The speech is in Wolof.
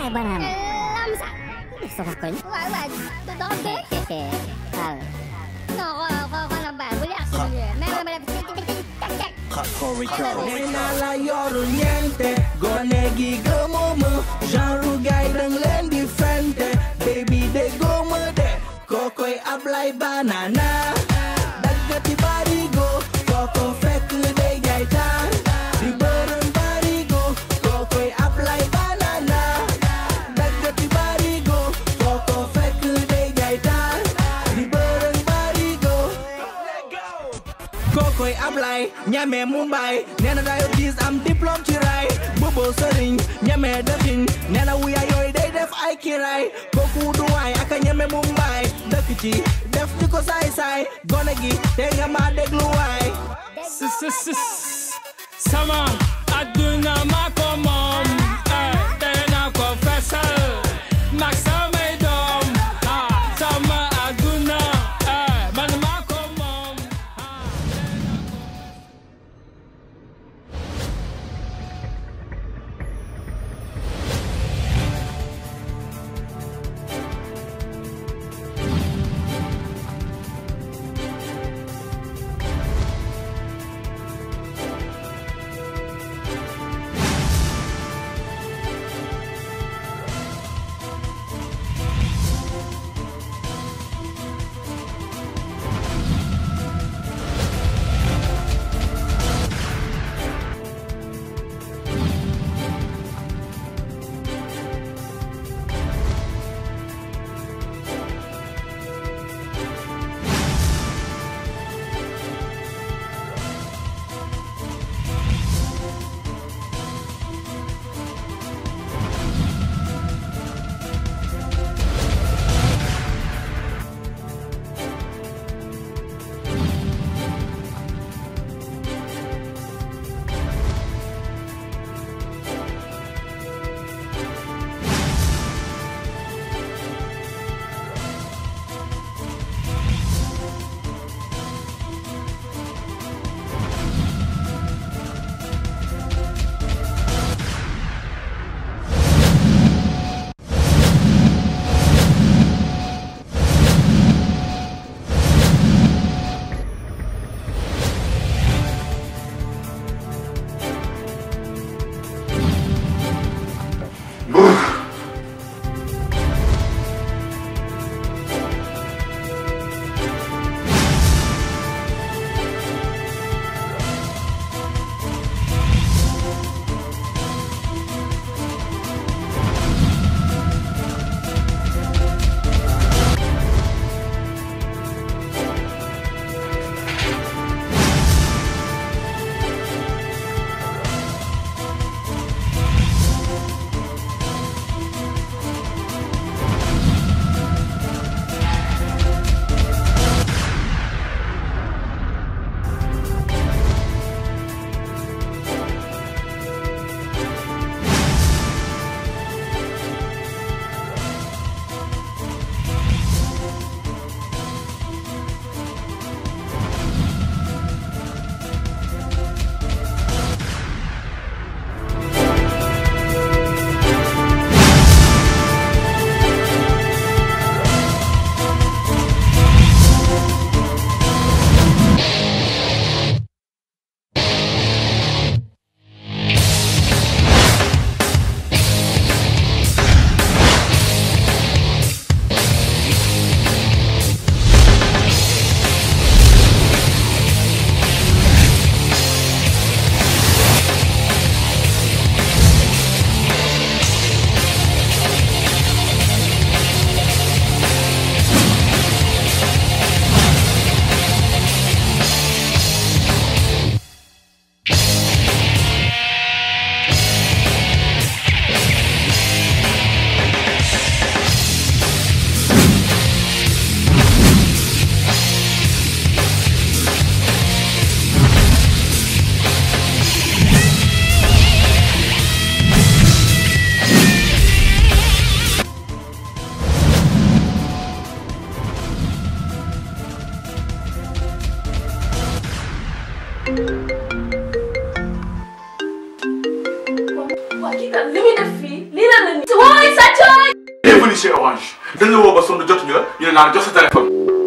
lại banana? Làm sao? Sao mà quên? Vậy vậy, tôi đón thế. Kệ kệ. Tao. Nó có có có làm bài với lại cái gì? Mẹ mẹ mẹ. Hena yorul niente Gonegi gămumă Jarugai dâng lên đi frente Baby de gomă de Cocoi ablai banana mooy Ablaye ñamee Mumbai nee na dayo diis am diplôme ci raay bobo sëriñ ñamee dëxiñ nee na wuya yooyu day def ay kiraay kooku du waay aka ñame Mumbai dëkk ci def ci ko say. saay gone gi te nga ma déglu waay sama évolué chez Orange dañ la woo ba sonn jotuñu la ñu ne naa jox sa téléphone.